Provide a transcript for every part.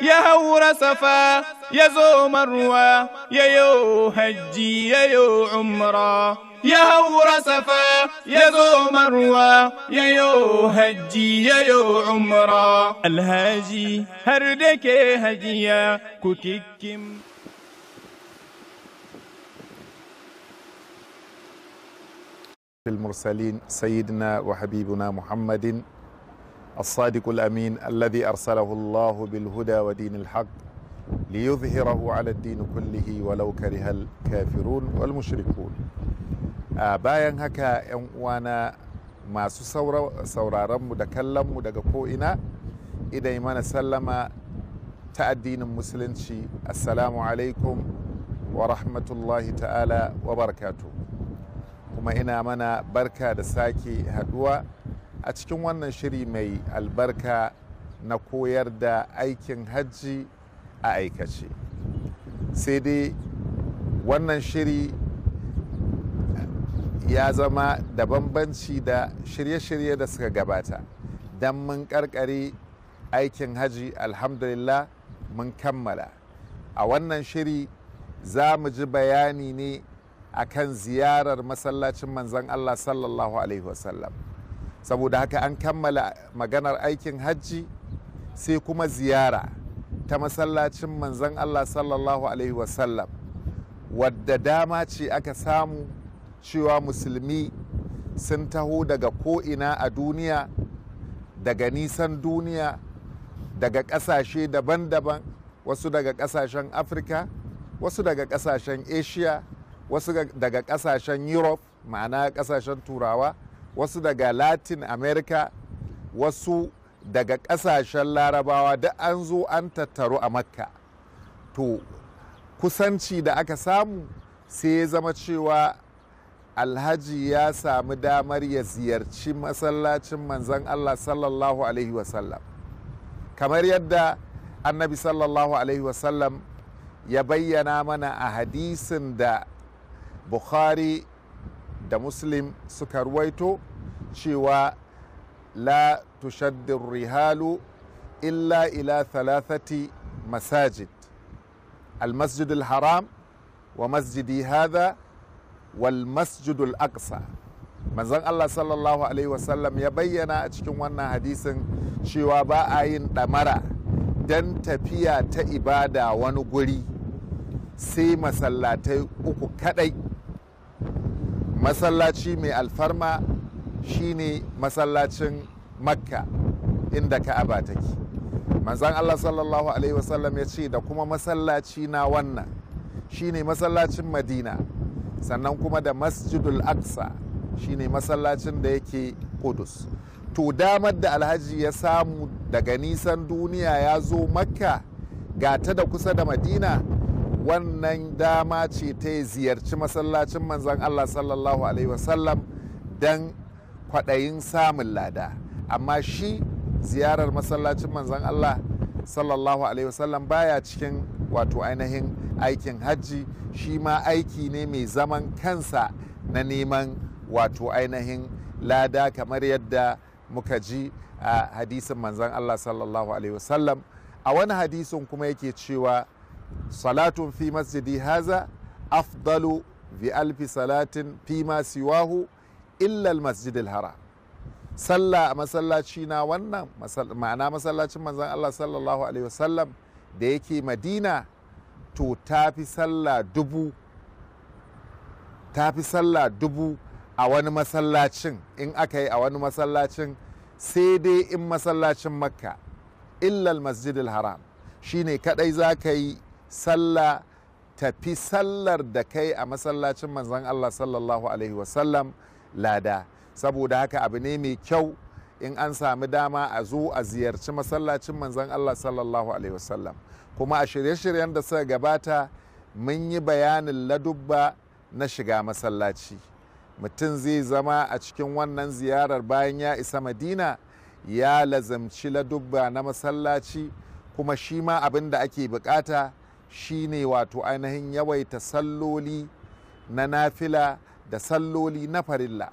يا هور سفا يا زو مروى يا يو هجي يا يو عمرة يا هور سفا يا زو مروى يا يو هجي يا يو عمرة الهاجي هردك هجيا كوكيكيم المرسلين سيدنا وحبيبنا محمد الصادق الأمين الذي أرسله الله بالهدى ودين الحق ليظهره على الدين كله ولو كره الكافرون والمشركون bayan haka 'yan uwana masu sauraronmu da kallonmu daga ko'ina idan mana sallama ta addinin musulunci assalamu alaikum wa rahmatullahi ta'ala wa barkatu kuma ina mana barka da sake haduwa a cikin wannan shiri mai albarka na koyar da aikin hajji a aikace sai dai wannan shiri ya zama da bambanci da shirye-shirye da suka gabata don mun karkare aikin hajji alhamdulillah mun kammala a wannan shiri za mu ji bayani ne akan ziyarar masallacin manzon allah sallallahu alaihi wasallam saboda haka an kammala maganar aikin hajji sai kuma ziyara ta masallacin manzan allah sallallahu alaihi wasallam wadda dama ce aka samu cewa musulmi sun taho daga ko'ina a duniya daga nisan duniya daga ƙasashe daban-daban wasu daga ƙasashen afirka wasu daga ƙasashen asia wasu daga ƙasashen europe ma'ana ƙasashen turawa wasu daga latin america wasu daga kasashen larabawa da an zo an tattaru a makka to kusanci da aka samu sai ya zama cewa alhaji ya sami damar ya ziyarci masallacin manzan allah sallallahu alaihi wasallam kamar yadda annabi sallallahu alaihi wasallam ya bayyana mana a hadisin da bukhari da muslim suka ruwaito cewa la tushaddir rihalu illa ila thalathati masajid المسجد الحرام ومسجدي هذا والمسجد الأقصى manzon Allah sallallahu alaihi wasallam ya bayyana a cikin wannan hadisin cewa ba a yin ɗamara don tafiya ta ibada wani guri sai masallatai uku kadai masallaci mai alfarma shine masallacin makka inda ka'aba take manzan allah sallallahu alaihi wasallam ya ce da kuma masallaci na wannan shine masallacin madina sannan kuma da masjidul aqsa shine masallacin da yake kudus to damar da alhaji ya samu daga nisan duniya ya zo makka gata da kusa da madina wannan dama ce ta ziyarci masallacin manzan allah sallallahu alaihi wasallam don kwaɗayin samun lada amma shi ziyarar masallacin manzan Allah sallallahu alaihi wasallam baya cikin wato ainihin aikin hajji shi ma aiki ne mai zaman kansa na neman wato ainihin lada kamar yadda muka ji a hadisin manzan Allah sallallahu alaihi wasallam a wani hadisin kuma yake cewa salatun fi masjidi haza afdalu bi alfi salatin fi ma siwahu illal masjidil haram sallah a masallaci na wannan ma'ana masallacin manzon Allah sallallahu alaihi wasallam da yake madina to tafi sallah dubu tafi sallah dubu a wani masallacin in aka yi a wani masallacin sai dai in masallacin makka illal masjidil haram shine kadai za ka yi sallah tafi sallar da kai a masallacin manzon Allah sallallahu alaihi wasallam lada saboda haka abu ne mai kyau in an sami dama a zo a ziyarci masallacin manzon Allah sallallahu alaihi wasallam kuma a shirye-shiryen da suka gabata mun yi bayanin ladubba na shiga masallaci mutum zai zama a cikin wannan ziyarar bayan ya isa madina ya lazamci ladubba na masallaci kuma shi ma abin da ake bukata shine wato ainihin yawaita salloli na nafila da salloli na farilla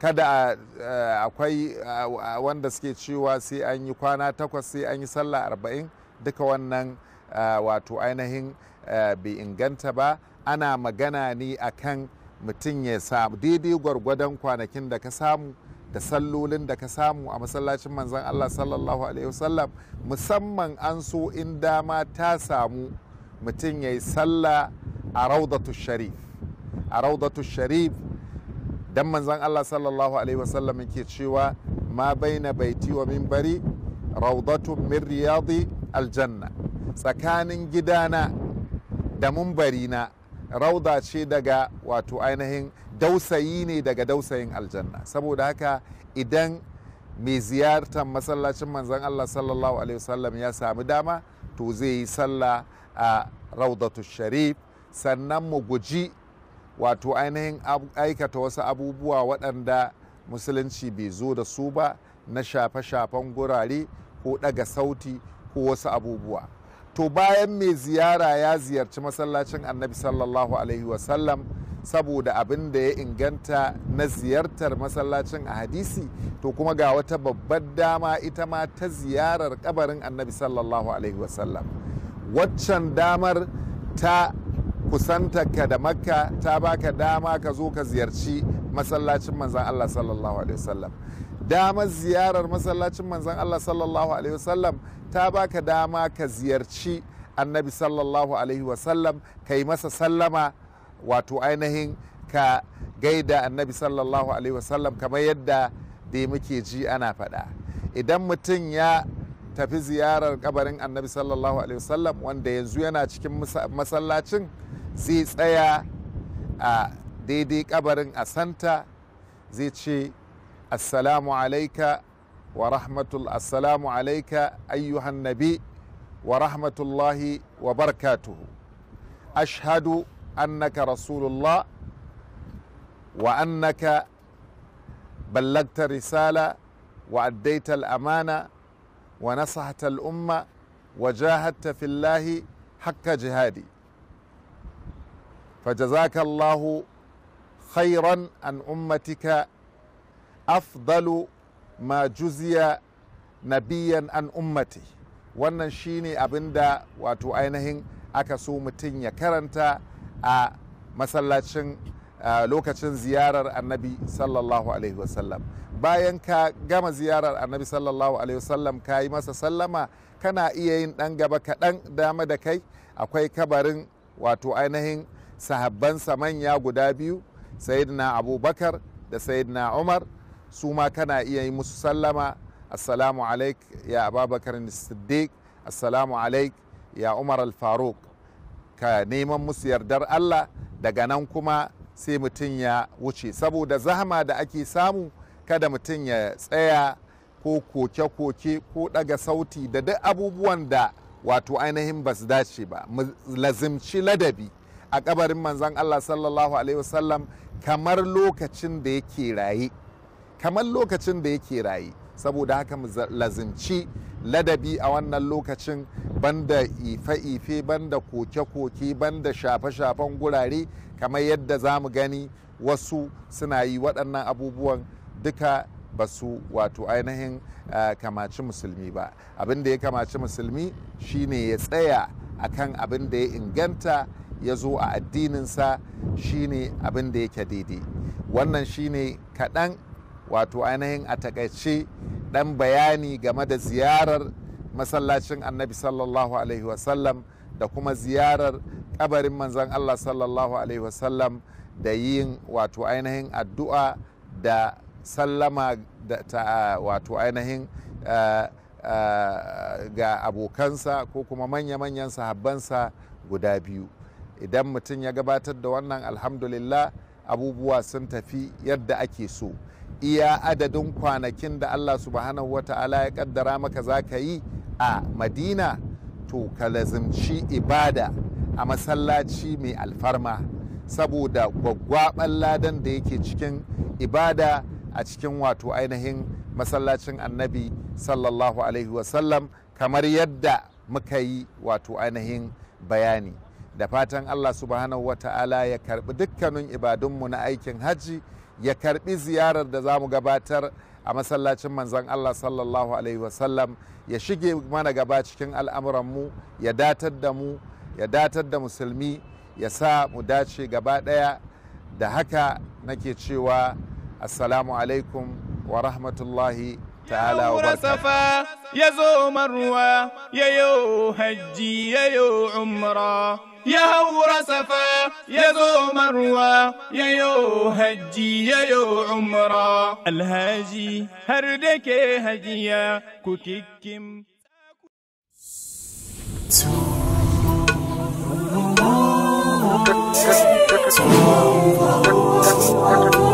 kada eh, akwai eh, wanda suke cewa sai an yi kwana takwas sai an yi sallah arba'in duka wannan eh, wato ainihin bai inganta ba ana magana ne akan mutum ya samu daidai gwargwadon kwanakin da ka samu da sallolin da ka samu a masallacin manzan Allah sallallahu alaihi wasallam musamman an so in dama ta samu mutum ya yi sallah a raudatu sharif a raudatu sharif dan manzon Allah sallallahu alaihi wasallam yake cewa ma baina baiti wa minbari raudatu min riyadi aljanna tsakanin gidana da mumbarina rauda ce daga wato ainihin dausayi ne daga dausayin aljanna saboda haka idan mai ziyartar masallacin manzon Allah sallallahu alaihi wasallam ya sami dama to zai yi sallah a raudatu sharif sannan mu guji wato ainihin aikata wasu abubuwa waɗanda musulunci bai zo da su ba na shafe-shafen gurare ko ɗaga sauti ko wasu abubuwa to bayan mai ziyara ya ziyarci masallacin annabi sallallahu alaihi wasallam saboda abin da ya inganta na ziyartar masallacin a hadisi to kuma ga wata babbar dama ita ma ta ziyarar kabarin annabi sallallahu alaihi wasallam waccan damar ta kusantarka da makka ta baka dama ka zo ka ziyarci masallacin manzan allah sallallahu alaihi wasallam damar ziyarar masallacin manzan allah sallallahu alaihi wasallam ta baka dama ka ziyarci annabi sallallahu alaihi wasallam ka yi masa sallama wato ainihin ka gaida annabi sallallahu alaihi wasallam kamar yadda da muke ji ana faɗa idan mutum ya tafi ziyarar kabarin annabi sallallahu alaihi wasallam wanda yanzu yana cikin masallacin zai tsaya a daidai kabarin a santa zai ce assalamu alaika wa rahmatul assalamu alaika ayyuhan nabi wa rahmatullahi wa barakatuhu ashhadu annaka rasulullah wa annaka ballagta risala wa addaita al'amana wa nasahata al'umma wa jahadta fillahi hakka jihadi فجزاك الله خيرا عن امتك افضل ما جزي nabiyan an ummati wannan shine abinda wato ainihin aka so mutum ya karanta a masallacin lokacin ziyarar annabi sallallahu alaihi wasallam bayan ka gama ziyarar annabi sallallahu alaihi wasallam ka yi masa sallama kana iya yin ɗan gaba kaɗan dama da kai akwai kabarin wato ainihin sahabbansa manya guda biyu sayidina abubakar da sayidina umar su ma kana iya yi musu sallama assalamu alaik ya ababakar siddiq assalamu alaik ya umar al ka neman musu yardar allah daga nan kuma sai mutum ya wuce saboda zahama da ake samu kada mutum ya tsaya ko koke-koke ko daga sauti da duk abubuwan da wato ainihin ba su dace ba lazimci ladabi a kabarin manzan Allah sallallahu alaihi wasallam kamar lokacin da yake raye kamar lokacin da yake raye saboda haka mu lazimci ladabi a wannan lokacin banda ife-ife banda koke-koke banda shafe-shafen gurare kamar yadda za mu gani wasu suna yi waɗannan abubuwan duka ba su wato ainihin kamaci musulmi ba abin da ya kamaci musulmi shine ya tsaya akan abin da ya inganta ya zo a addininsa shine abin da yake daidai wannan shine kaɗan wato ainihin a takaice ɗan bayani game da ziyarar masallacin annabi sallallahu alaihi wasallam da kuma ziyarar ƙabarin manzan allah sallallahu alaihi wasallam da yin wato ainihin addu'a da sallama da ta wato ainihin eh, eh, ga abokansa ko kuma manya-manyan sahabbansa guda biyu idan mutum ya gabatar da wannan alhamdulillah abubuwa sun tafi yadda ake so iya adadin kwanakin da allah subhanahu ta'ala ya kaddara maka za ka yi a madina to ka lazimci ibada a masallaci mai alfarma saboda gwaggwaban ladan da yake cikin ibada a cikin wato ainihin masallacin annabi sallallahu alaihi wasallam kamar yadda muka yi wato ainihin bayani da fatan allah subhanahu wa ta'ala ya karbi dukkanin ibadunmu na aikin hajji ya karbi ziyarar da za mu gabatar a masallacin manzan allah sallallahu alaihi wasallam ya shige mana gaba cikin al'amuranmu ya datar da mu ya datar da musulmi ya sa mu dace gaba ɗaya da haka nake cewa assalamu alaikum wa rahmatullahi ta'ala wa safa ya zo marwa ya yo hajji ya yo umra يا هو رصفا يا ذو مروى يا يو هجي يا يو عمرا الهاجي هردك هجيا oh, Oh,